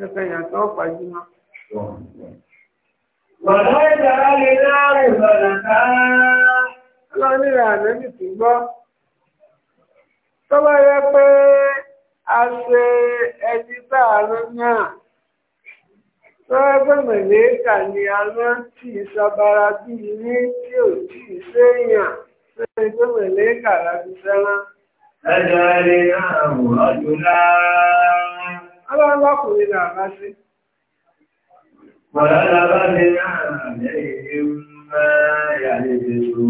kẹkẹ yàtọ̀ gbajúmọ̀. Bọ̀dá ìjọba lè dáàrin bọ̀dà káà. Ọlọ́run ìrìn àlẹ́bì tó gbọ́. Tó bá yẹ pé a ṣe ẹni táàánú náà, tó yẹ pé mẹ̀lẹ́kà ni aná tí ìṣàbára bí ní tí ò tí ì aláàlákùnrin náà ráṣí. Wọ̀lá lábá ní ààrẹ ìmọ̀ yàrí ìlú.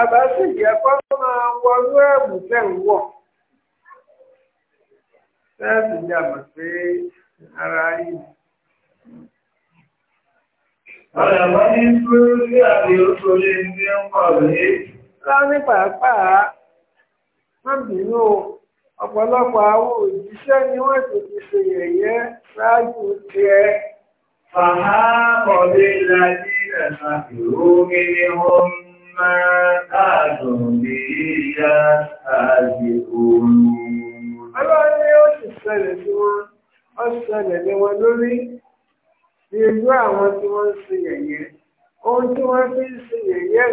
Àbá sì jẹ́ kọ́ máa wọnú ẹ̀bù tẹ́ ń wọ̀. Sẹ́ẹ̀sì ni àmọ̀ sí ara yìí. Ọ̀yàwó ní dúró sí àbí oṣù ní Lá ní pàápàá, ọ̀pọ̀lọpọ̀ àwọn òjíṣẹ́ ni wọ́n sì ti ṣe yẹ̀yẹ́ ṣáájú tiẹ̀. Fàhá kọ̀dé láti ẹ̀sà ìró mímí wọn máa káàdùn bí ìyá àti òun. Ọlọ́run ni ó sì ṣẹlẹ̀ sí wọn, ó ṣẹlẹ̀ lé wọn lórí. Irú àwọn tí wọ́n ń ṣe ń ṣe yẹ̀yẹ́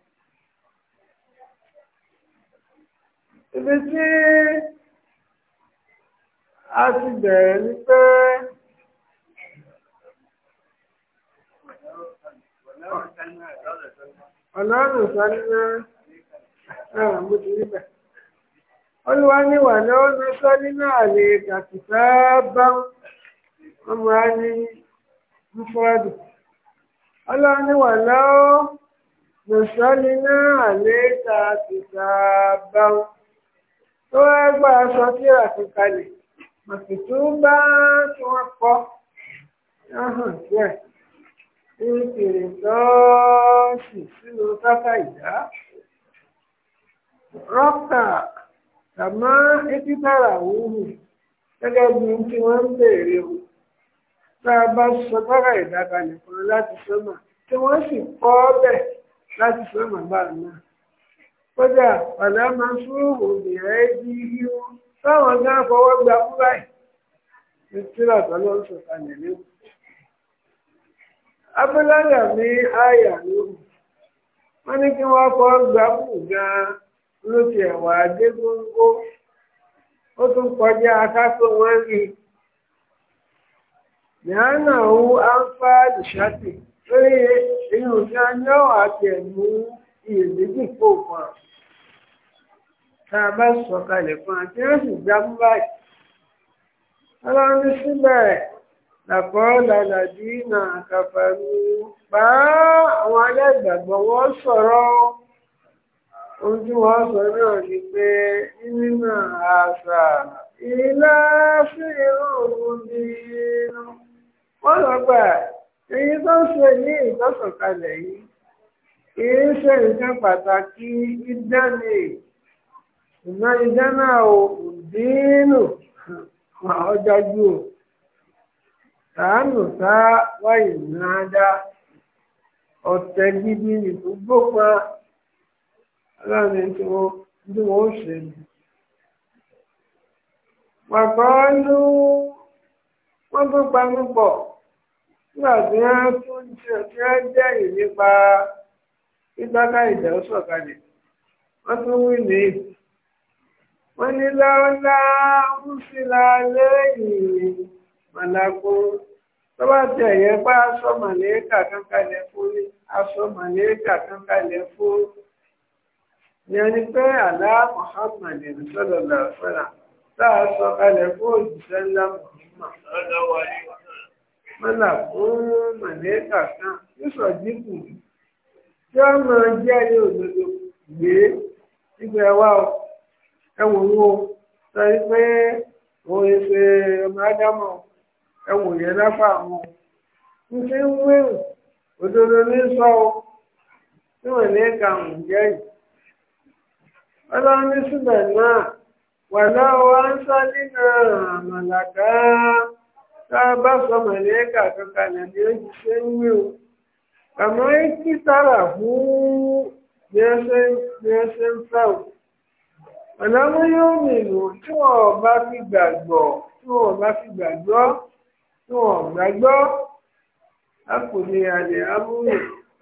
ibi tí a ti bẹ̀rẹ̀ ni pé ọ̀nà ọ̀nà sálínà náà mo ti rí olúwa ní wà ní ọ̀nà sálínà àlè bá ọmọ ní mufradu. ọlọ́run ní wà lọ́wọ́ nùsọ́lì náà àlè kàkìtà bá ọmọ. tó ẹgbẹ́ aṣọ tí àti kalẹ̀ màkìtú bá tí wọ́n kọ́ láhàn díẹ̀ ní kiri tọ́ọ̀sì sínú sáfà ìdá rọ́pà àmọ́ ekítàrà wúhù gẹ́gẹ́ bí tí wọ́n ń béèrè o tá a bá sọ tọ́rọ̀ ìdákalẹ̀ kan láti sọ́mà tí wọ́n sì kọ́ ọ́ bẹ̀ láti sọ́mà báà náà. kọjá ọ̀là máa ń fúrùmù ìrẹ́ bí yíwú táwọn gán fọwọ́ gba fúláì ní tírọ̀tọ̀ ló ń sọ̀kalẹ̀ léwu. abúlálà ní àyà lóhùn wọ́n ní kí wọ́n fọ́ gba fún gan ló ti ẹ̀wà ó tún kọjá wọn iyèméjì fún òkun àrùn tá a bá sọ kalẹ̀ fún àti ó sì gbá mú báyìí ọlọ́run síbẹ̀ làkọ́ làlàdí náà kàfàrú bá àwọn aláìgbàgbọ́ wọn sọ̀rọ̀ ohun tí wọ́n sọ náà ni pé nínú àṣà ìlà sí irun wọ́n lọ gbà èyí tó ń ṣe ní ìtọ́sọ̀kalẹ̀ yìí. kìí ṣe nǹkan pàtàkì ìdáni ìná náà ò dínú ọjà ju ò sàánù sá wáyé náà ọ̀tẹ̀ gidi tí wọ́n ṣe wọ́n tún panú pọ̀ nígbà tí wọ́n tún jẹ́ ìnípa. ìgbàgbà ìjà ó sọ̀kalẹ̀ wọ́n tún wí ní wọ́n ní lọ́lá ń sílá lẹ́yìn màlàkó tó bá ti ẹ̀yẹ bá aṣọ màlẹ́kà kankalẹ̀ fún ní aṣọ màlẹ́kà kankalẹ̀ fún yẹn ni pé àlá Muhammad sallallahu alaihi wasallam tá a sọ kalẹ̀ fún òjìṣẹ́ ńlá Muhammad màlàkó màlẹ́kà kan yóò sọ tí wọ́n máa jẹ́rìí òdodo gbé ìgbà ẹ̀wá o ẹ̀wọ̀n wo sọ pé òun ṣe ọmọ ádámọ̀ ẹ̀wọ̀n yẹn lápá àwọn ń fi ń wéwù òdodo ní sọ tí ní ní a bá sọ kankan àmọ́ tí sára fún bí ẹ ṣe ń fẹ́wọ̀ ọ̀nàmọ́ yóò nìlú tí wọ́n bá fi gbàgbọ́ tí wọ́n bá fi gbàgbọ́ tí wọ́n gbàgbọ́ a kò lè àlè amúlò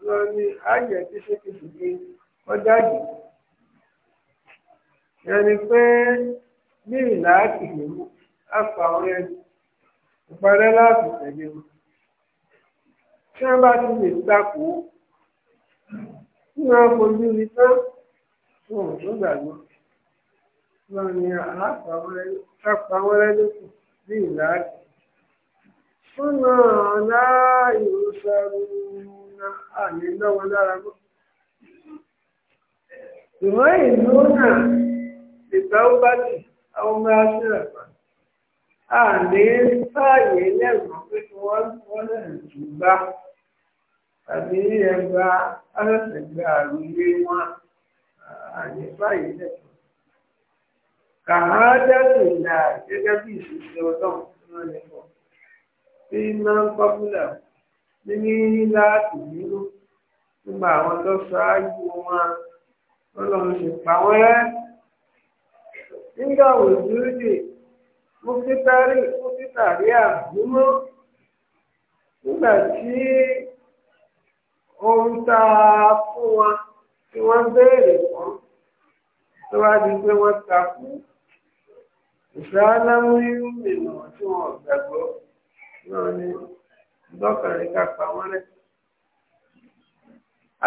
lọ ní àjẹ́ tí ṣékèṣèké ọ̀dájú yẹni pé ní ìlà àtìlẹ́mú a pa ọ̀rẹ́ ìparẹ́ láti tẹ̀lé wọn tí wọ́n bá ti lè takò tí wọ́n fojú rí tán wọn ò tó gbàgbọ́ wọn ni àpàwọ́rẹ́ lókù bí ìlàákì wọn náà láàyè ó sọ̀rọ̀ àmì lọ́wọ́ lára mọ́. ìwọ́n ìlú náà ìgbà ó bá ti àwọn ọmọ aṣọ́ra pa àmì sáàyè lẹ́gbọ̀n pé wọ́n lẹ́nu tó bá tàbí ẹgbà alẹ́sẹ̀gbà àrùlé wọn àyẹ̀fà ìlẹ̀kùn. kàádẹ́sì là gẹ́gẹ́ bí ìṣẹ̀ṣẹ̀ ọlọ́run tí wọ́n lè kọ́ tí máa ń pọ́pùlà níní láti nínú nígbà àwọn tó ṣáájú wọn nígbà tí ohun tá a fún wọn tí wọ́n béèrè fún tó wá di pé wọ́n takú ìṣáálámú irú mìíràn tí wọ́n gbàgbọ́ náà ni lọ́kànrin ká pa wọ́n rẹ̀.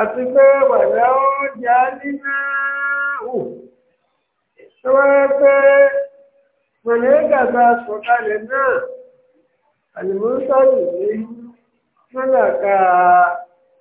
àti pé wàlẹ́ ó jà nínú ò tó wá pé pẹ̀lẹ́ gàgbà sọ̀kalẹ̀ náà àlùmọ́sálù ní mọ́làkà.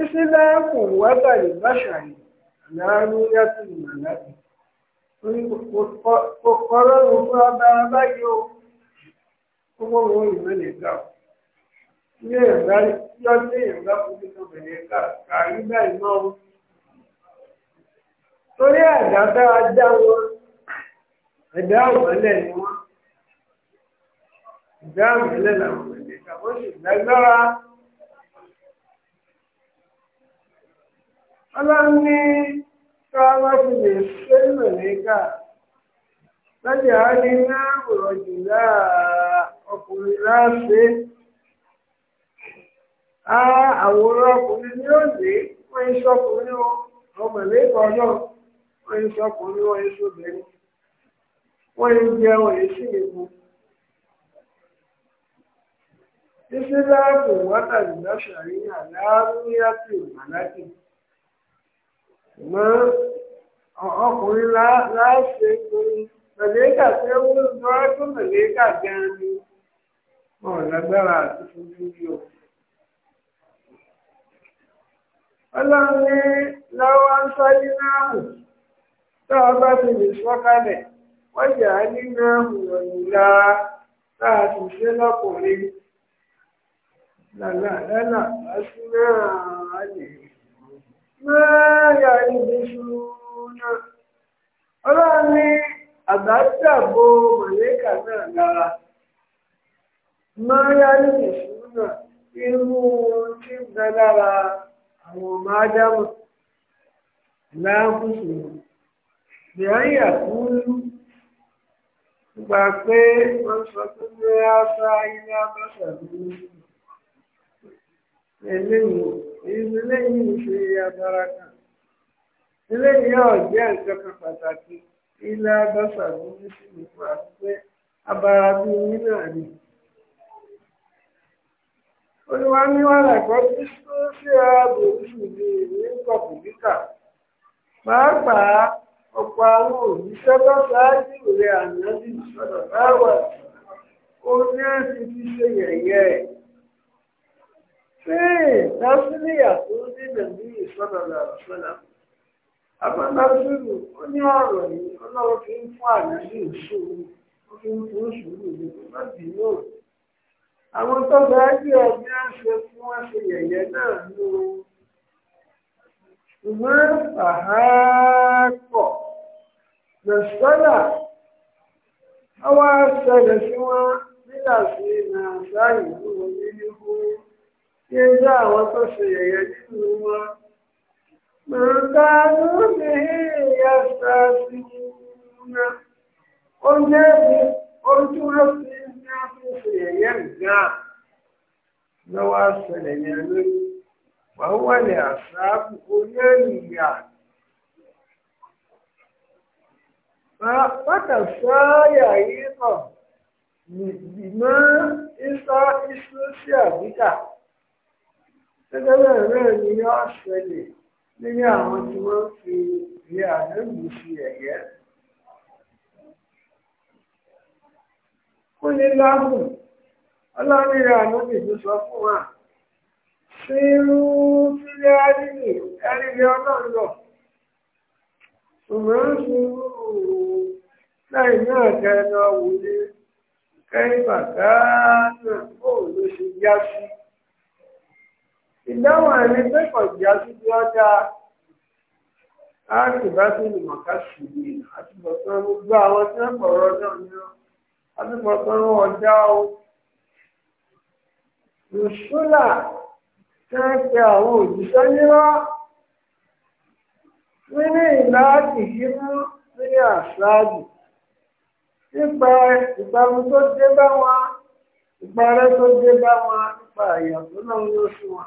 ìsìláàmù wábàlì báṣàyè àlàáru yàtì màláàbì kọkọrọ ló fún abára báyìí ó kókó wọn ìmọ̀lẹ̀ ga ọ ilé ìgbà yọ sí ìgbà fúnmi tó bẹ̀rẹ̀ ká kàrí báyìí mọ́ ọ torí àdá tá a dá wọn ẹ̀dá ọ̀mọ́lẹ̀ ni wọ́n ẹ̀dá ọ̀mọ́lẹ̀ làwọn mẹ̀lẹ́ka wọ́n ọlọ́run ní tí wọ́n bá ti lè ṣe mẹ̀lẹ́kà lọ́jà á náà rọ̀jù láà ọkùnrin láàṣẹ á àwòrán ọkùnrin ní òde wọ́n ń sọkùnrin ọmọ ìlẹ́kọ̀ náà wọ́n ń sọkùnrin wọ́n ń mọ́ ọkùnrin láàṣẹ ìgbóni mẹ̀lẹ́kà tí ó wúlò lọ́wọ́ tó mẹ̀lẹ́kà gan ni wọn lágbára àti fojú yọ. ọlọ́run ní lọ́wọ́ ń sọ́jú náà hù tó o bá ti lè sọ́kalẹ̀ wọ́n jà á nínú àwòrán ìlà tá a sì ṣe lọ́kùnrin lọ́nà lọ́nà lọ́sùn náà á lè rí. mẹ́ẹ̀yà ìdíṣùn ọlọ́run ní àgbájábò mọ̀lẹ́kà náà lára mẹ́ẹ̀yà ìdíṣùn náà irú tí ń bẹ lára àwọn ọmọ ádámù ya eléyìí eléyìí ṣe abara kan eléyìí yóò jẹ́ nǹkan kan pàtàkì ilẹ̀ abáṣà ní sí abara bí yín náà ni. olúwa ní wàhálà kan tí ó ṣe ààbò oṣù ní ìwé pàápàá ọ̀pọ̀ àwọn òṣìṣẹ́ tó ṣáájú rẹ̀ ànábì sọ̀rọ̀ báwà ó ní àti ṣe yẹ̀yẹ́ sai àwọn tó bá rí ọbí á ṣe wọ́n ṣe yẹ̀yẹ́ náà ló ṣùgbọ́n àhápọ̀ lọ́sọ́là àwọn aṣẹlẹ̀ sí wọn nígbà nàìjíríà ìlú wọn ní ní kúrú ṣe irú àwọn tó ṣe yẹ̀yẹ́ nínú wọn. Màtá ló ní ìyá sáàsì náà. Ó jẹ́bi ojú ọ̀sìn ní a fi ṣe yẹ̀yẹ́ gan-an. Lọ́wọ́ àṣẹlẹ̀ yẹn lórí. Wà ó wọlé àṣàbù orí ènìyà. Pákàṣáyà yìí kọ̀ bìmọ́ ìsọ́ ìṣú sí àbíkà gẹ́gẹ́ bẹ́ẹ̀ bẹ́ẹ̀ ni yọ́ ṣẹlẹ̀ nílé àwọn tí wọ́n fi ìwé àdéhùn fi ẹ̀yẹ́. ó ní lágùn ọlọ́nìyàn àlóbì ló sọ fún wa ṣé irú sílẹ̀ ẹ̀rìnì ẹ̀rìnì ọlọ́run lọ ṣùgbọ́n náà kẹ́ lọ ṣe já sí ìdáhùn ẹni pé kọjá títí ọjà láti bá sí ìmọ̀ká ṣùgbọ́n àtúbọ̀tán gbogbo àwọn tí wọ́n pọ̀rọ̀ ọjọ́ mìíràn àtúbọ̀tán ọjà o lùsúlà tí wọ́n pe àwọn òjíṣẹ́ nírọ́ nínú ìlà ìṣínú nínú àṣáájú nípa ìparun tó dé bá wọn ìparẹ́ tó dé bá wọn nípa àyà náà ń lóṣù wọn.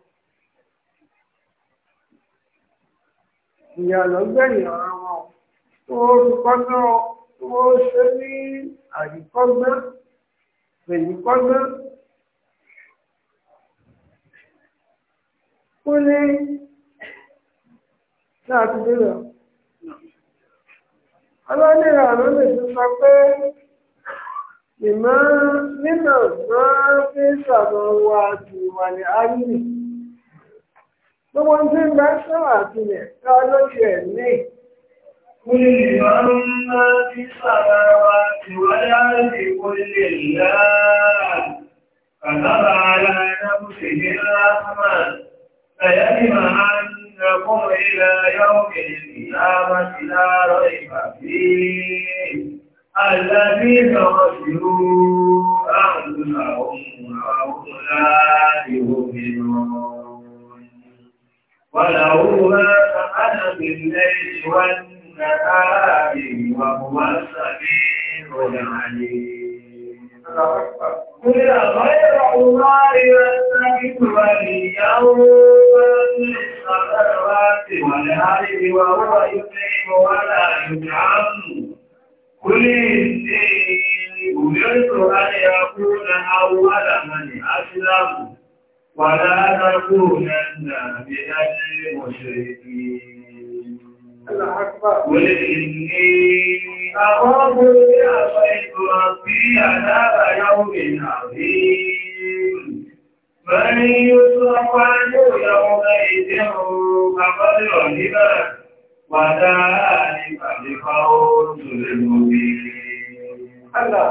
ìyá lọ́gbẹ̀yìn ọ̀rọ̀ wọn tó rúkọ́nà tó ṣe ní àyíkọ́gbẹ́ pèyíkọ́gbẹ́ kú ní láàtúndé lọ. ọlọ́nìyàn ló lè ti sọ pé ìmọ̀ nínà máa ń fi ṣàbọ̀wọ̀ àti ìwà ní áyì gbogbo ń tí ń bá sọ́wọ́ àfihàn ká lóṣù ẹ̀ ní. Kúlì ìmọ̀rún ńlá tí sàrà wa ti wáyá lè kó lè láàá. Kàtàbà ara ẹ̀nàkú sì ní láàmà. Ẹ̀yẹ́ ni màá ń nàkó ilẹ̀ yọ́kẹ̀ ìlàmà ti láàárọ̀ ìbàbí. Àlàbí náà sì rú àwọn àwọn àwọn láàrin òmìnira. وله ما فعل بالليل والنهار وهو السميع العليم قل غير الله يستجد وليا السماوات والارض وهو يطعم ولا يطعم قل اني امرت ان اكون اول من اسلم ولا تكونن من المشركين قل إني أخاف عصيت ربي عذاب يوم عظيم من يصرف عنه يومئذ فقد رهب وذلك لفوز المبين الله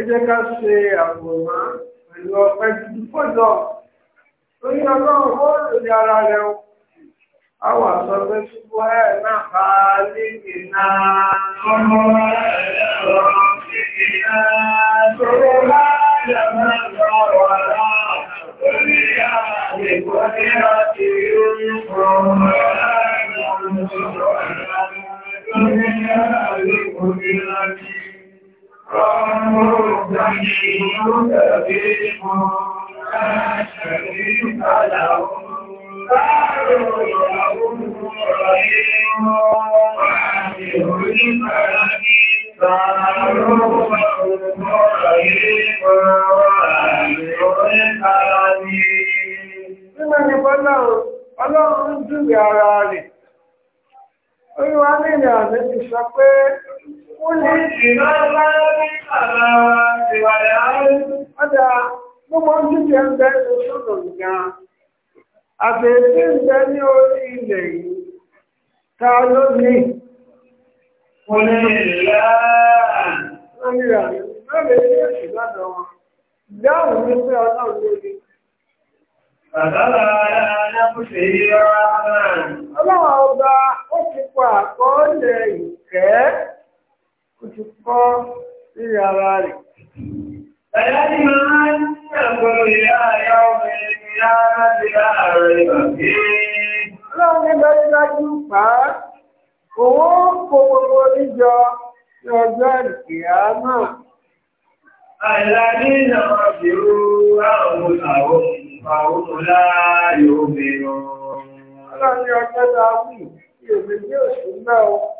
ẹ jẹ́ ká ṣe àwòrán èrò ọ̀pẹ gidi pọ̀ lọ lórí ọlọ́run ó lòdì ara rẹ̀ o. Àwọn àsọgbé ṣubú ẹ̀ náà bá léèkì náà. Ọmọ ẹ̀rọ léèkì náà tó láyé máa lọ wà láà. Orí àlèkò ní láti rí ọmọ ẹ̀rọ léèkì náà. Orí àlèkò ní láti Ọlọ́run ń dùn ara rẹ̀. Oríwá nílẹ̀ àmì ti sọ pé Gbogbo ń jíjẹ ń bẹ lóṣùlò gan. Àbẹ̀ẹ̀tí ń bẹ ní orí ilẹ̀ yìí, ta ló ní? Mo ní ìlà àárín ó ti kọ́ sí ara rẹ̀. Ẹ̀yà ti máa ń ṣàgbọ́n ìyá àyá obìnrin ní ara ti láàárọ̀ ìbàgbé. Ọlọ́run ní dájúdájú pàá, òun kò gbogbo oníjọ àwọn àwọn àwọn láàárín obìnrin. Ọlọ́run ní ọjọ́ dáa wù, kí èmi ní náà.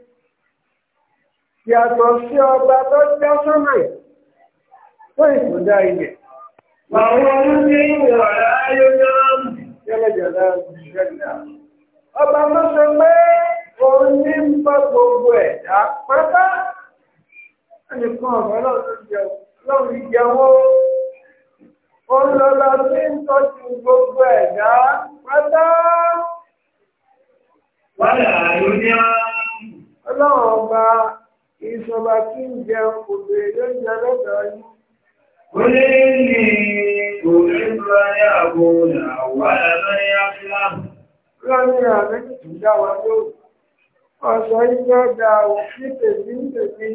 yàtọ̀ sí ọba tó já sọ́nà tó ìkúdá ilẹ̀. Àwọn oúnjẹ ìwọ̀ ayé náà jẹ́lẹ̀jẹ̀lẹ̀ ìṣẹ́lẹ̀. Ọba tó ṣe pé òun ní ń bọ́ gbogbo ẹ̀dá pátá. Ẹnìkan ọ̀rọ̀ lọ́rùn ìjẹun ó ń lọ lọ sí ń tọ́jú gbogbo ẹ̀dá pátá. Wọ́n lè àárín ní ọlọ́run ọba kì í sọba kí ń jẹun kò béèrè oúnjẹ lọ́dọ̀ yín. ó lé ní òní ìfúráyà àbò àwàdà lórí áfíláàmù. lọ́ní àmì tuntun dá wa lóhùn. ọ̀sán iná da òun ní tèmi ń tèmi.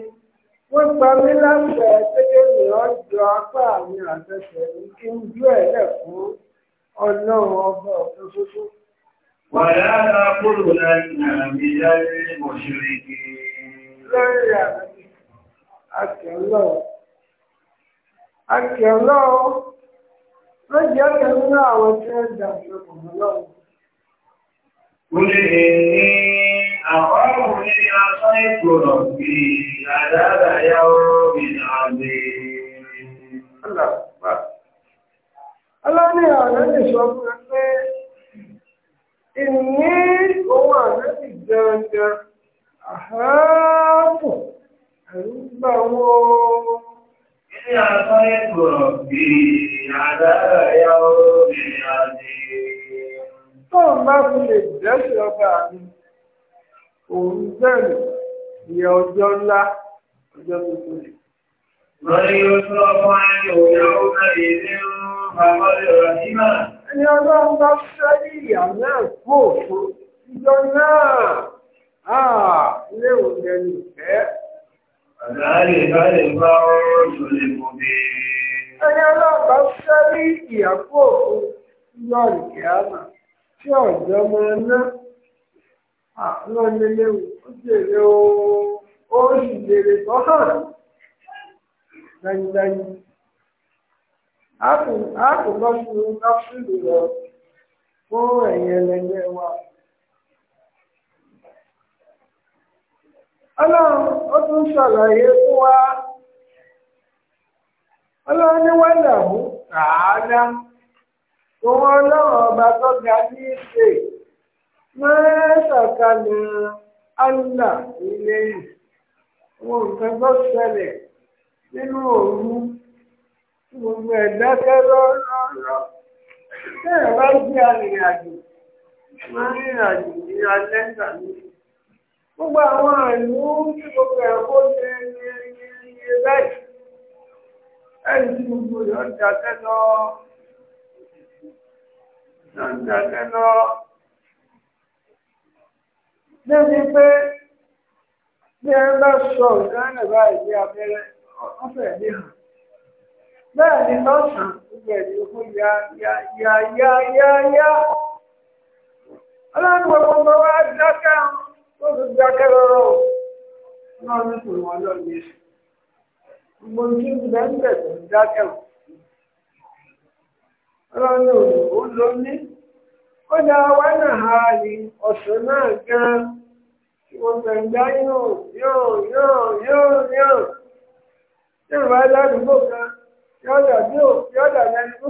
wọ́n gba mí láti ẹ̀ tẹ́lẹ̀ mìíràn jọ apá mi àtẹ̀sẹ̀ mi kí n jú ẹ̀ lẹ̀ fún ọlọ́run ọba ọ̀tún ṣoṣo. wàhálà kúrò láti àmì ìdálé mọ̀ṣúrẹ́kì lórí àmì àti ọlọ́run àti ọlọ́run ló jẹ́ ọ̀kẹ́ nínú àwọn tí wọ́n dà ìṣòkùn ọlọ́run. Mo lè ní àwọn ọ̀rùn ní asán ìgbòrò bí àdára yá ọ̀rọ̀ ìlànà Ọlọ́run ọ̀rẹ́ lè sọ fún ẹ pé ìní òun àrẹ́ ìjẹun jẹun àhábò àrúgbà wo. Ilé àtọ́ ẹ̀kọ́ bí àdára ya obìnrin àti. Tóun bá fi lè dẹ́sẹ̀ ọba mi, òun bẹ̀rẹ̀ ìyẹn ọjọ́ ńlá ọjọ́ tuntun rẹ̀. Lọ́rí oṣù ọmọ ẹni òyàwó náà yìí ní bàbá ìrọ̀ nígbà. Ẹni ọlọ́run bá fẹ́ ní ìyà náà kú òfin ìjọ náà. Ah, ilé oúnjẹ ni ìfẹ́. Àdáyé báyìí bá oṣù lè mú bí. Ẹni ọlọ́pàá fẹ́ ìyàpò òun yọ ìkẹ́ àmà tí ọ̀jọ́ máa ná. Àwọn ah, oníléwu ó jèrè ó sì jèrè tó hàn dájúdájú. A kò lọ ọlọ́run ó tún ṣàlàyé fún wa ọlọ́run ní wàlàhù tààlà òun ọlọ́run ọba tó ga ní ìṣe mẹ́sàkálẹ̀ àlà ilé yìí nǹkan tó ṣẹlẹ̀ nínú òru gbogbo ẹ̀dá kẹ́rọ́ rọ́rọ́ bẹ́ẹ̀ bá gbé arìnrìn àjò máa ń àjò ní alẹ́ tàbí gbogbo àwọn àìlú ní gbogbo ẹ̀kọ́ ṣe iye báyìí ẹni tí gbogbo yọ ń jàtẹ́ lọ yọ ń jàtẹ́ lọ débi pé bí ẹ bá sọ ìdáná báyìí bí abẹ́rẹ́ ọ̀fẹ́ ní hàn bẹ́ẹ̀ ni lọ́sàn-án gbogbo ẹ̀dí kú ya ya ya ya ya ọlọ́run gbogbo wa dákẹ́ àwọn. ó ti gba ọlọ́run gbogbo tí ń bẹ ní ó náà gan tí wọ́n fẹ́ ń dá yóò yóò yóò yóò tí kan tó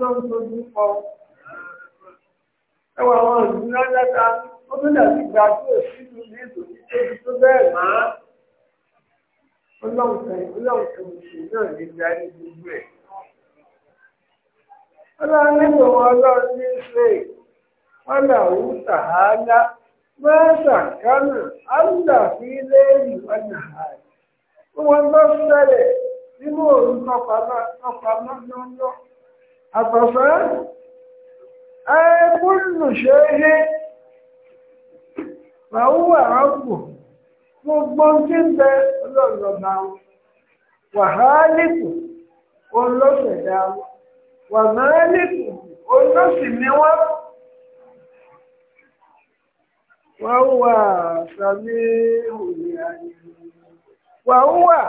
tó ẹwà àwọn ìdúná dáta ó tún dàbí ìgbà tí ò sí ìlú ní ètò títí tó bẹ́ẹ̀ má. ọlọ́run kan ọlọ́run kan oṣù náà lè darí gbogbo ẹ̀. ọlọ́run nígbà wọn ọlọ́run ní ṣe wọn là ń tàhálà mẹ́ta kánà áńdà fi léèrè wọn nà á. wọn bá sẹ́lẹ̀ nínú òun tọpamọ́ tọpamọ́ lọ́lọ́ àtọ̀fẹ́. أي كل شيء ṣe ربه gbogbo jíǹde ọlọ́ọ̀lọ́ba wọn wàhálìkù olóṣèdá wọn wàmálìkù olóṣì wà sàmì òye ayé wọn wà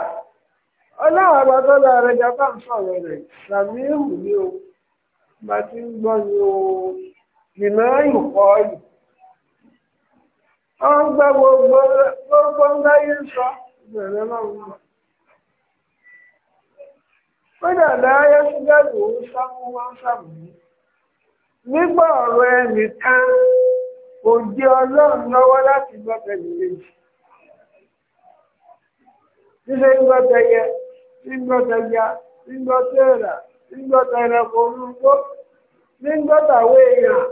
ọlọ́run àgbàdo lọ́rẹ́ ń sọ̀rọ̀ rẹ̀ sàmì bá ti ń gbọ́ ni o ìná ìkọ́ yìí. wọ́n ń gbẹ́ gbogbo gbogbo ń dáyé sọ ìbẹ̀rẹ̀ náà ń bọ̀. kódà láyé sígáàlì òun sáfù wọn sàmùlí. nígbà ọ̀rọ̀ ẹnìkan kò jẹ́ ọlọ́run lọ́wọ́ láti gbọ́ pẹ̀lú méjì. níṣẹ́ ń tẹyẹ ń gbọ́ tẹja ń gbọ́ tẹ́ẹ̀rà nígbọ́ta ẹranko olúgbó nígbọ́ta àwọn èèyàn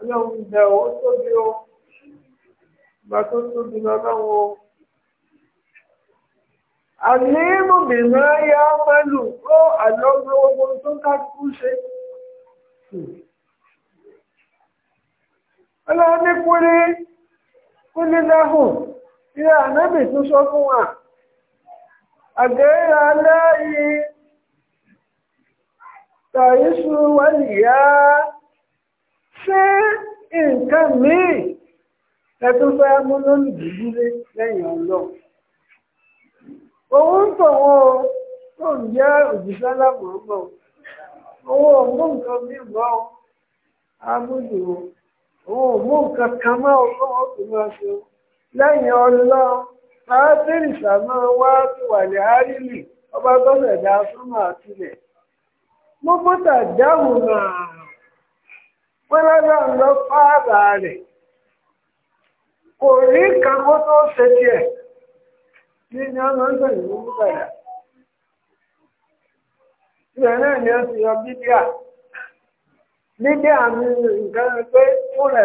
ọlọ́run bẹ̀ ó tóbi o ìgbà tó tóbi lọ́lọ́run o àníìmù bìnà yá pẹ̀lú ó àlọ́gbọ́ gbogbo tó kákú ṣe ọlọ́run ní kúrí kúrí lẹ́hùn ilé ànábì tó sọ fún wa. غير الله tàyíṣu wàlìyá ṣé nǹkan míì ẹtún fẹ́ mú lónìí dúdúlé lẹ́yìn ọlọ́run òun tòun tó ń jẹ́ òjíṣẹ́ lábòrúbọ̀ owó òmú nǹkan míì mọ́ amúlù o òun òmú nǹkan kan mọ́ owó òmú ọṣù lẹ́yìn ọlọ́run. káàtìrì sàmọ́ wá ti wà ọba gbọ́dọ̀ súnmọ́ dáhùn náà wọ́n ń lọ fáàbà rẹ̀ kò rí kan kó tó ṣe tiẹ̀ ní ni wọ́n ń gbẹ̀yìn mọ́kútà yá ibẹ̀ náà ni ọjọọ ti yọ bíbíà nǹkan pé fúnra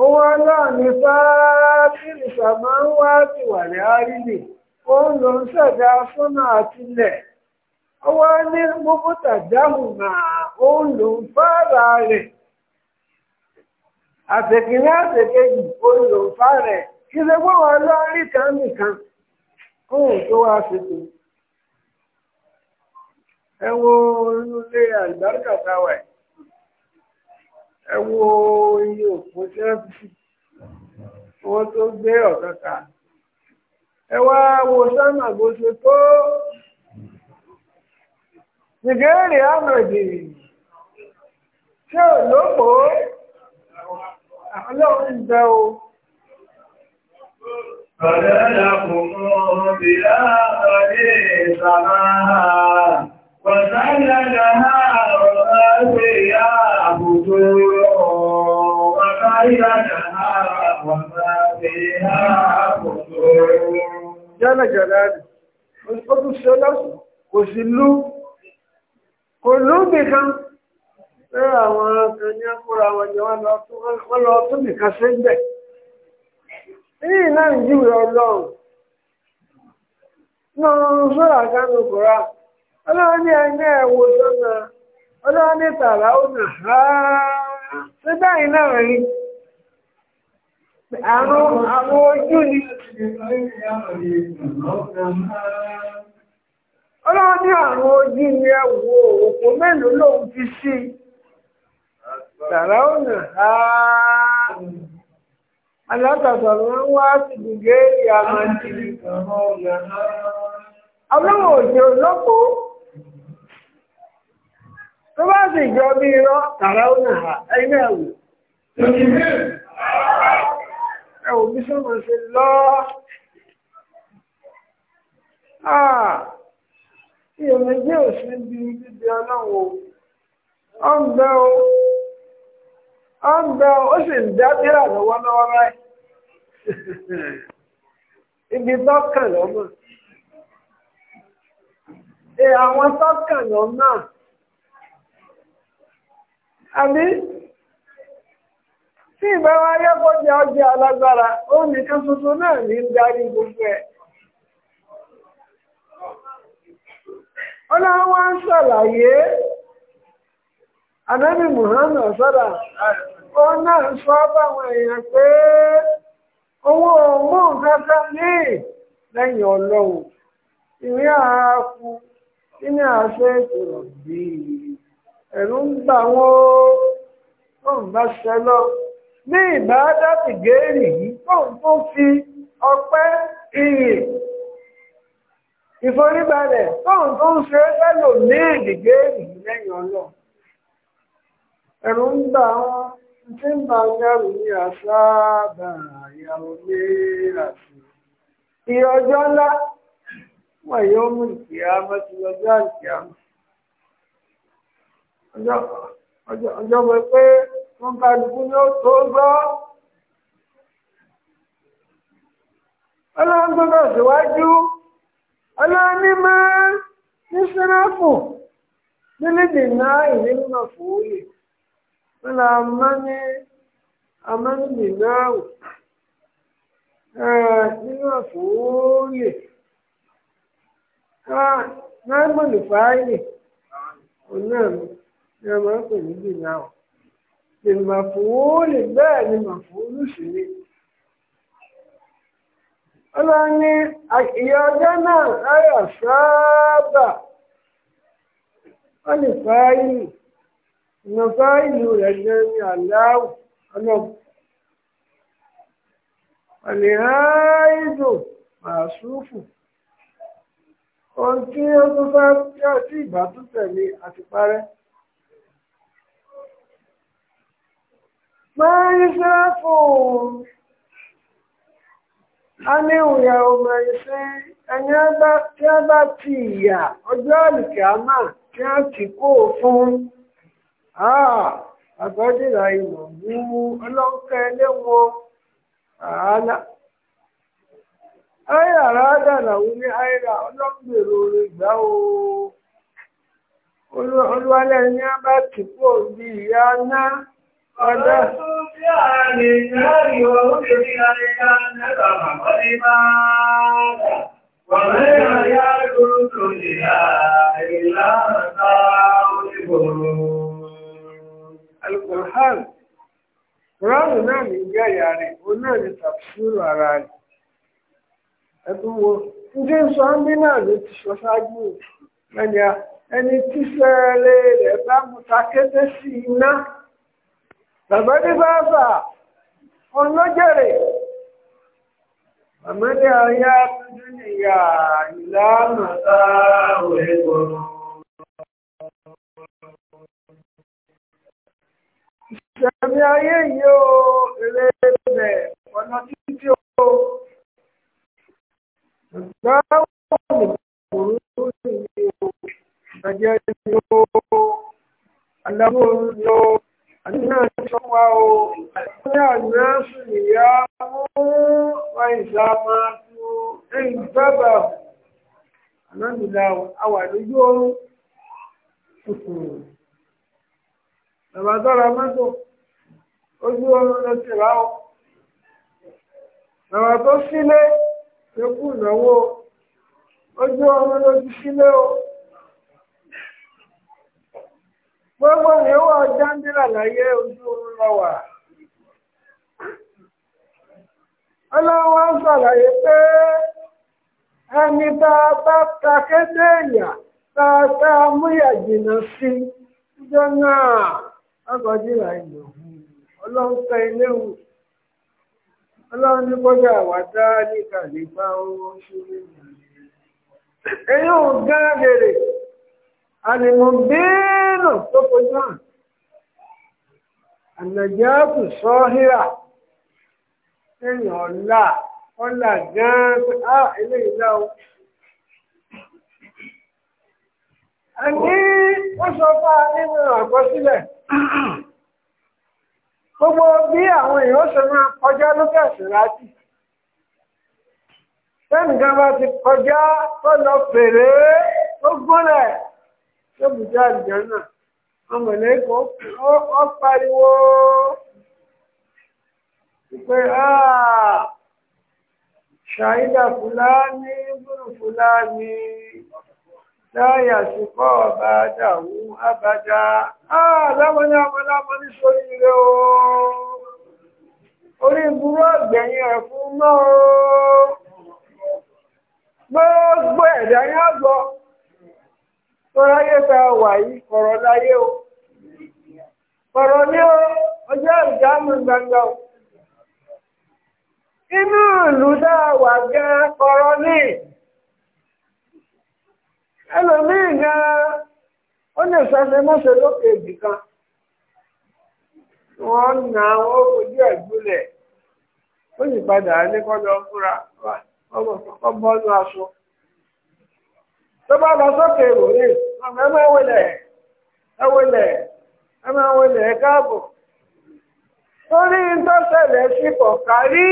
Owó aláàmì fáàkìrì sàmá ń wá ti wà ní àrílè, ó ń lọ ń ṣẹ̀dá sọ́nà àtilẹ̀. Owó ní gbogbo tàjáhùn náà ó ń lò ń fáàrà rẹ̀. ó ń lò ń fáàrẹ̀. Kí lọ́rí kan nìkan, kóhùn tó wá Ẹ wo inú ilé ẹ wo iye òpó sẹ́ẹ̀bù wọn tó gbé ọ̀kàkà ẹ wá wo sánà bó ṣe tó nìgẹ́rì àmọ̀dì ṣé ò lóko ọlọ́run bẹ o. Ọ̀dọ́ ìdàkùnmọ́ bí láàrín ọdí ìsàmá. Wọ̀sán lẹ́gbẹ̀ẹ́ àrùn Jẹ́lẹ̀ jẹ̀lẹ̀ ó tún ṣe lọ́sùn kò sí lú, kò lú nìkan, pé àwọn kan ní àkúra wọn jẹ wọ́n lọ tún nìkan sí ń bẹ̀. Ní náà ń jíwẹ̀ ọlọ́run, náà sọ́rọ̀ àgánù kòrá, ọlọ́run ní ẹgbẹ́ Àrùn àwọn ojú ni. Ọlọ́run ní àrùn ojú ni ẹwọ òpó mélòó ti sí. Tàrà ònà ha. Alátàtà wá sí ti. Ọlọ́run òjò lọ́pọ̀. Tó bá sì jọ bí irọ́, tàrà ònà ẹgbẹ́ òbí sọ̀rọ̀ ṣe lọ. Iyèméjì ò sí bí bíbi ọlọ́run o. Ó ń bẹ o. Ó ń bẹ o. Ó sì ń dá bírà lọ́wọ́lọ́wọ́ báyìí. Ibi tọ́kàn lọ́mọ. Àwọn tọ́kàn lọ́mọ. Àbí. tí ìbáwọn jẹ́ ọjọ́ alágbára ó nìkan tuntun náà ní ń darí gbogbo ẹ̀. ọlọ́run wá ń ṣàlàyé anábì Muhammad sọ́dà ó náà sọ báwọn èèyàn pé owó mú kankan ní lẹ́yìn ọlọ́run ìwé àṣẹ ẹ̀rù ń gbà wọ́n ó ń bá ṣẹlọ́ọ̀. ní ìbáadá ti géèrè yìí tóun tó fi ọpẹ́ iyì ìforíbalẹ̀ tóun tó ń ṣe fẹ́lò ní ìdìgéèrè yìí lẹ́yìn ọlọ́run ẹ̀rù ń bà wọ́n tí ń bà ń dẹ́rù ní àṣàbà ìyàwó ní àṣì iye ọjọ́ ńlá wọ́n yóò mú ìkìyà fún kálukú ni ó tó gbọ́. ọlọ́run gbọ́dọ̀ síwájú ọlọ́run ní máa ní sẹ́ráfù nílìdì náà ìrìnnà fòólè ńlá amáni amánìlì náà nínú fòólè náà mọ̀lùfáàyè òun náà ni a máa ń pè nílì ìmọ̀fúnwólì bẹ́ẹ̀ ni mọ̀fúnwólì sì ni. ọlọ́run ní ìyá ọjọ́ náà sáyà sáábà wọ́n lè fáyì ìmọ̀fá ìlú rẹ̀ jẹ́ ní aláwọ̀ ọlọ́run. àlèháìdò màṣúfù ohun tí ó tún fẹ́ tí ìbá tún tẹ̀lé àti parẹ́. معرفة aníhùn ya ọmọ ẹsẹ ẹni tí a bá ti ìyà ọjọ́ àlìkàmà tí a fún àbájìlá ìmọ̀ mú ọlọ́nkẹ́ léwọ ààlà ayàrá dàdàwó ní àìrà ọlọ́gbèrò ìgbà ooo olúwalẹ̀ ni a bá ti kó Ọjọ́ tí a lè rí ọ̀rọ̀ ìrìn àríkà nẹ́ta màmọ́ ní máa rà. Wà mẹ́rin àríyá ìgbòrò tó lè ààrẹ láàrín onígbòrò. Alkùnrin, Kùránù náà ní ìgbé àyà rẹ̀, ó náà ní tàbísírò ara rẹ̀. Ẹ̀kún wo, ǹjẹ́ sọ ń bí náà ló ti sọ ṣáájú ẹni tí fẹ́ẹ́rẹ́ rẹ̀ bá mú ta kété sí iná. Bàbáde bàbà ọlọ́jẹ̀rẹ̀. Bàbáde ayá dúnìyà ìlànà táwọn ẹ̀gbọ́n. Ìṣẹ̀mí ayé yìí ó eré bẹ̀ ọ̀nà títí ó. Ìgbà wọ́n ìgbòrò ní ìgbàjẹ́ ni ó. Àdàbò ni àdúrà tó wá o ní àná ìyá mú wọn ìgbà máa tó ẹ̀yìn bábà ànábìlà àwà lójú oorun bàbá tọ́ra mọ́tò ojú oorun tó sílé ló kù lọ́wọ́ ojú oorun ló ti sílé o. gbogbo ìyẹ́wọ́ jáńdírà láyé ojú oorun lọ wà. ọlọ́wọ́ ń ṣàlàyé pé ẹni bá ta kéde èèyàn tá a múyà jìnnà sí jọ náà lágbàdìrà ìlú ọlọ́run ta ilé wù ọlọ́run ní kọjá àwàdá ní àlìmọ̀bínú tó fojú hàn ànàjáàkù sọ́hírà lẹ́yìn ọ̀la ọ̀la gan-an pé á ah, eléyìí náà ó. àní ó sọ fún wa nínú àkọsílẹ̀ gbogbo bí àwọn èèyàn ṣe máa kọjá lókè àṣìláàtì tẹ́nìkan bá ti kọjá tó lọ fèrè tó gbọ́n kọjá àlùjọ́nà ọmọlẹ́kọ̀ọ́ ó pariwo pé ṣàìdà fúlàní búrú fúlàní láyà sí kọ́ ọba dàwú abájá láwọn lámọ́lámọ́ ní sórí rẹ̀ o orí burú ọ̀gbẹ̀yìn rẹ̀ fún o gbogbo ẹ̀dá yẹn tọ́ráyé ta wà yìí kọ̀rọ̀ láyé o kọ̀rọ̀ ní o ọjọ́ gbangba o inú ìlú dá wà gan kọ̀rọ̀ ní ẹlòmíì gan ó lè sọsẹ mọ́sẹ̀ lókè èjì wọ́n na wọ́n fojú ẹ̀ ó sì padà ní kọ́lọ́ ọmọ aṣọ tó bá ẹ máa wọlé ẹ wọlé ẹ máa wọlé ẹ káàbọ̀ torí kọ, sí kọ̀kárí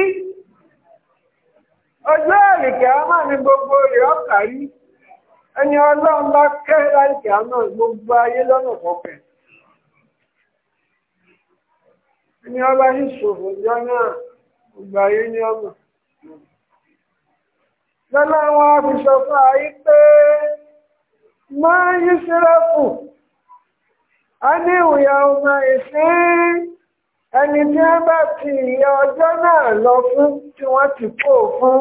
ọjọ́ gbogbo rẹ̀ ẹni ọlọ́run bá kẹ́ láìkẹ́ àmà gbogbo ayé lọ́nà kọ̀ọ̀kẹ́ ẹni ọlá ní ṣòfò náà gbogbo ayé ní ọmọ fi sọ máa yí sírọ́pù a ní ìwòyà ọmọ ìsìn ẹni tí wọ́n bá ti ìyá ọjọ́ náà lọ fún tí wọ́n ti kó fún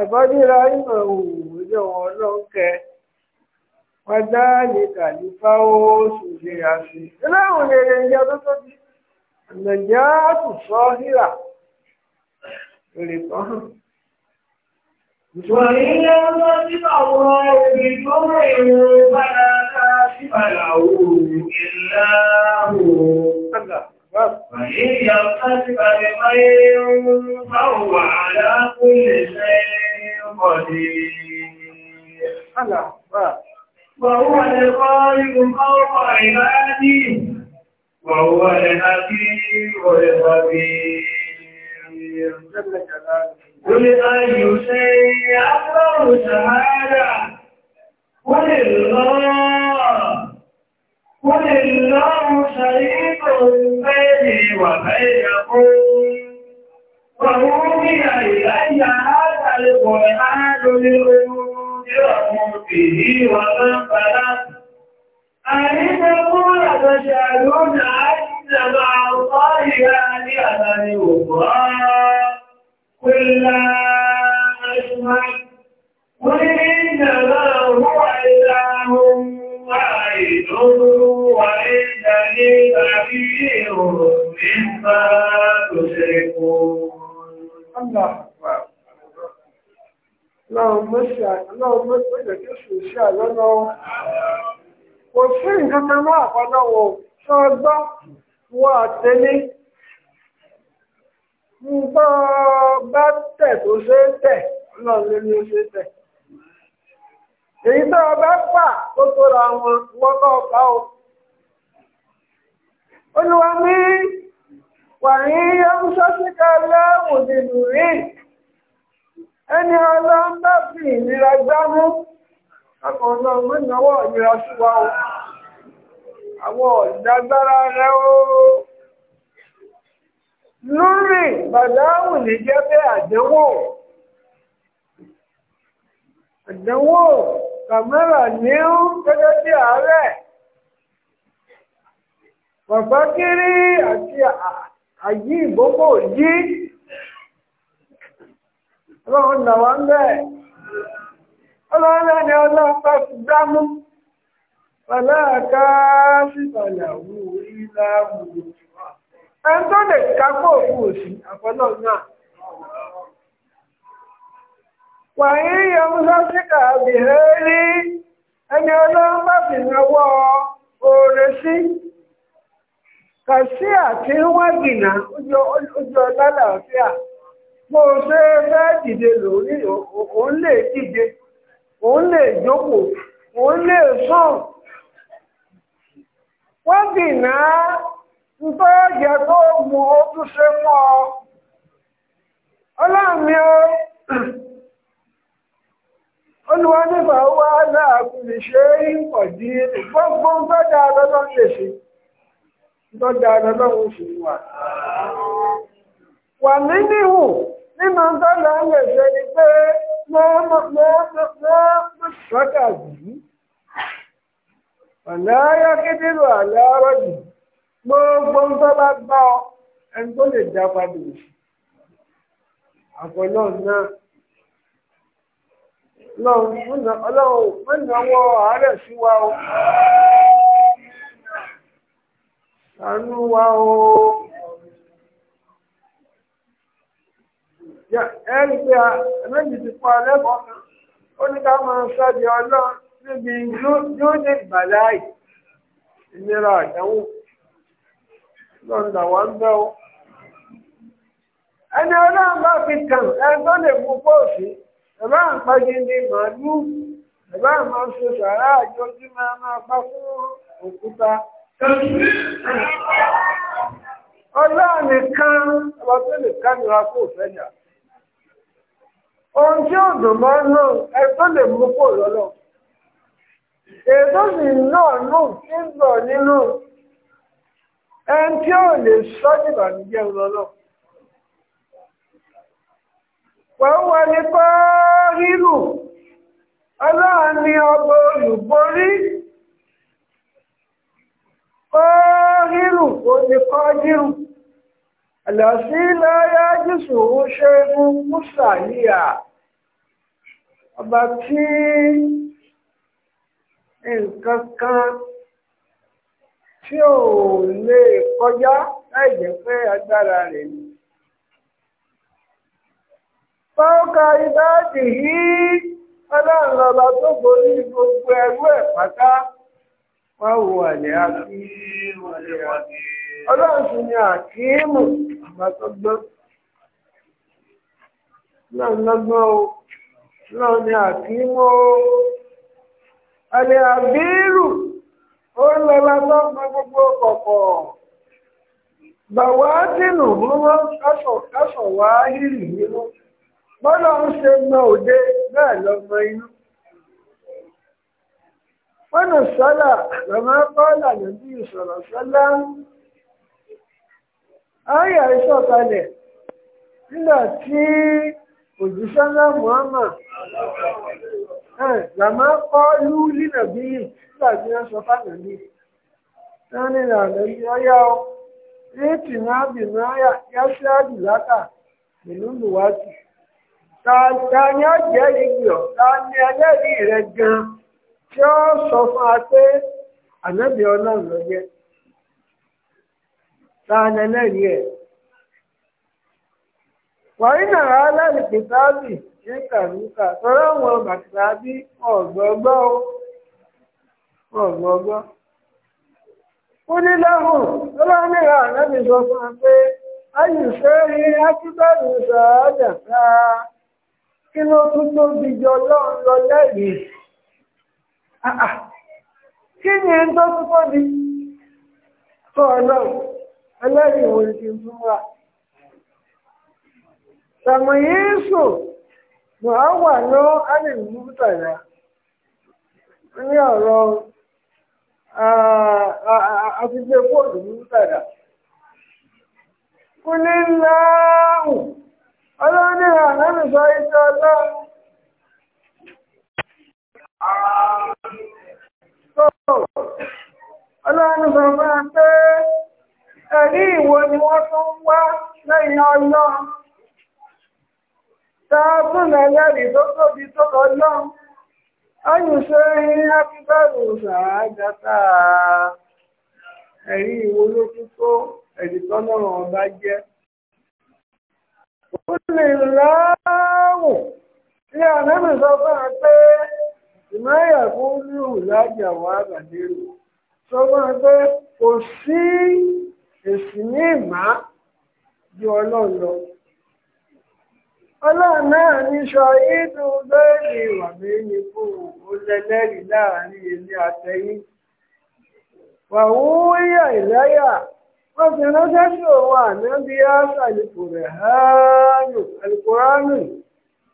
àbọ́díra ìmọ̀ òwúrọ̀ wọn ló ń kẹ wọ́n dá lè kàlífà ó ṣùgbé àṣì iláhùn lè rẹ̀ ìyá tó tó di nàìjíríà kò sọ híra èrè kan وإن يمسك الله بضر فلا كاشف له إلا هو وإن يمسك بخير فهو على كل شيء قدير وهو الخالق فوق عباده وهو الحكيم الخبير جل جلاله قل أي شيء أكبر شهادة قل الله قل الله شريك بيني وبينكم وأوحي إلي هذا القرآن لأنذركم به ومن بلغ أن تقول تشهدون أن مع الله آلهة أخرى قل لا أشهد قل إنما هو إله واحد وإنني بشير مما تشركون الله أكبر Láwọn mọ́ṣà, láwọn mọ́ṣà kí ṣe ṣe àlọ́nà wọn. Kò sí nǹkan kan máa àpọ́lọ́wọ̀ ṣọ́gbọ́ wọ́n àtẹ́lé nǹkan bá tẹ̀ tó ṣe é tẹ̀ ọlọ́run ló ṣe tẹ̀. èyí tó o bá tó tóra wọn wọ́n bá ọ o. olúwa mi wàyí rí ẹni ọlọ́run bá fi ìnira gbámú ọkàn náà mọ́ ìnira sí wa o. àwọn ooo. lórí bàdáwù ní jẹ́ adewo àdánwò àdánwò kàmẹ́rà ní ó gẹ́gẹ́ bí ààrẹ bàbá kiri àti àyí ìgbókò yí ọlọ́run nà wá ọlọ́run ni ọlọ́pàá ti dámú pàlá pàlàwù ẹni tó lè kápọ̀ òfin òsì àfọlọ́ náà. wàyí yọmúsá síkà bìhẹ́ rí ẹni ọlọ́run bá fi náwó oore sí kàṣí àti wọ́n ojú ọlá làáfíà mo ṣe fẹ́ dìde lórí òun lè dìde òun lè jókòó òun lè Ntọ́ ẹ̀jẹ̀ tó mú ó tún ṣe mọ́ ọ. Ọlọ́mi ó, olúwa nígbà lè ṣe é pọ̀ dí gbogbo ń tọ́ lè ṣe. wà. Wà níhù nínú tọ́ lọ lè ṣe ni pé mọ́ sọ́kà yìí. Ọ̀nà ayọ́kídìrò àlẹ́ ọ̀rọ̀ yìí. gbogbo ń tọ́ bá gbọ́ ọ ẹni tó lè já padà òsì àpọ̀lọ́ náà ọlọ́run mọ́nàwọ́ àárẹ̀ sí wa o ṣàánú wa o ẹ̀rí pé ẹ̀mẹ́jì ti pa lẹ́kọ̀ọ́ kan ó ní ká máa sọ́dí ọlọ́run níbi yóò ní ìgbàláì ìnira àdánwò lọ́rùn làwọn ń bẹ́ o ẹni ọlọ́run bá fi kàn ẹni tó lè mú póòsì ẹ̀bá ń pagi ni màálù ẹ̀bá máa ń ṣe sàárà àjọ tí máa máa pa fún òkúta. ọlọ́run nìkan ọba tó lè kánira kó fẹ́jà ohun tí ó dùn mọ́ náà ẹni tó lè mú póòsì lọ́lọ́ ètò sì náà nù ń bọ̀ nínú ẹn tí ò lè sọ níbànújẹ́ lọ́lọ́ wọ́n wà ní kọ́ rírù ọlọ́run ni ọba olùborí kọ́ rírù ó ní kọ́ rírù àlàsí láyá jésù ó ṣe fún músà yíyà ọba tí nǹkan kan. tí ò lè kọjá láì jẹ́ pé agbára rẹ̀ ni. Fáwọ́kà ìbáàdì yìí ọlọ́run tó borí gbogbo ẹrú ẹ̀ wá wo àlẹ́ àti ni àkíìmù tó o, ó lọla lọ lọ́tọ́ gbogbo kọ̀kọ̀ gbàwá dínú múmọ́ kásọ̀ wá hírì nínú bọ́lá ń ṣe mọ òde bẹ́ẹ̀ lọ́mọ inú wọnà sọ́là lọ́mọ bọ́ọ̀là lójú ìsọ̀rọ̀ sọ́lá ayà ìsọ̀kalẹ̀ nígbà tí Muhammad lọ́mọ kọ́ lú nígbà tí wọ́n sọ fànàbí wọ́n ní ìlànà yìí ọyá o réètì náà bì náà yáṣáàdì látà pẹ̀lú lùwátì ta ni ó jẹ́ ọ̀ ta ni ẹlẹ́rìí rẹ gan tí ó sọ fún wa pé ànábì ọlọ́run ló jẹ́ ta ni ẹlẹ́rìí ẹ̀ wàyí nàrà alẹ́ lè pè sáàbì ní kàmíkà tọ́lá wọn bàtà bí ọ̀gbọ́gbọ́ o. ọ̀gbọ̀gbọ́. ó ní lọ́hùn lọ́lọ́nìyà lẹ́bi sọ fún wa pé ayù fẹ́ rí ákíbẹ̀rù sàádà kí ló tún jọ lọ lẹ́yìn. kí ni ń tó tún tó ọlọ́run fún wa. mọ̀ á wà lọ́ tàyà ní A kóòdù ní padà. kú ní láàrùn ọlọ́run ní àlẹ́mì sọ iṣẹ́ ọlọ́run. ẹ̀rí ni wọ́n tún wá lẹ́yìn ọlọ́run. ta na tó tóbi tó lọ́lọ́run. ọ̀yùnṣe ábíbẹ̀rù sàágàtà ẹ̀rí ìwo ló tún tó ẹ̀rí tọ́lọ́rọ̀ ọba jẹ́. ó lè láàwò tí ànábì sọ fún wa pé ìmáyà fún líhù lájà wà àbàdérò sọ fún wa pé kò sí èsì ní ìmá ju ọlọ́run lọ ọlọ́run náà ní sọ ìdù lórí ìwà méjì fún olẹ́lẹ́rìí láàrin èmi àtẹ̀yìn wàhúúyà ìláyà wọ́n ti ránṣẹ́ sí òun ànábí áṣà alìkùránù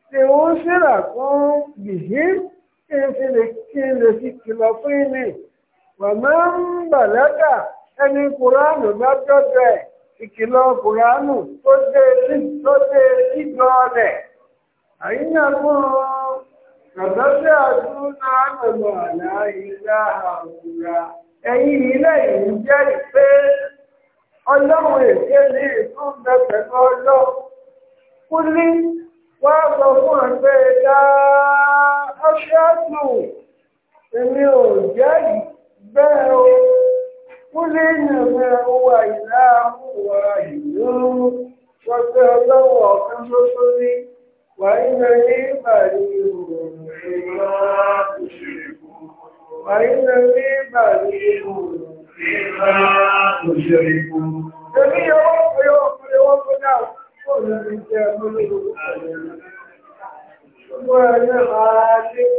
tí wọ́n síra fún yìí kí n fi lè kí n lè fi kìlọ̀ fún ìní wàmọ́ ń bàlágà ẹni kùránù bá tọ́jú ẹ̀. ìkìlọ̀ kùránù tó anyị ìjọ rẹ̀ àyíyàgbọ́n ọ̀dọ́sẹ̀ àdúrà àtọ̀lọ̀ àláìlá àwùrà ẹ̀yìn ilé yìí jẹ́ pé ọlọ́run èké ní ìfúnbẹ pẹ̀lú kúlí wá sọ fún ẹgbẹ́ ẹ̀dá ọṣẹ́ àtù èmi ò jẹ́ o. قل إنما هو إله واحد وكان الله بصري وإنني بريء مما تشركون وإنني بريء مما تشركون Èmi ọwọ́ pé ó pé wọ́n kó náà kó lè jẹ́ mọ́lẹ́gbẹ̀ẹ́. Gbogbo ẹ̀yẹ́ máa dé.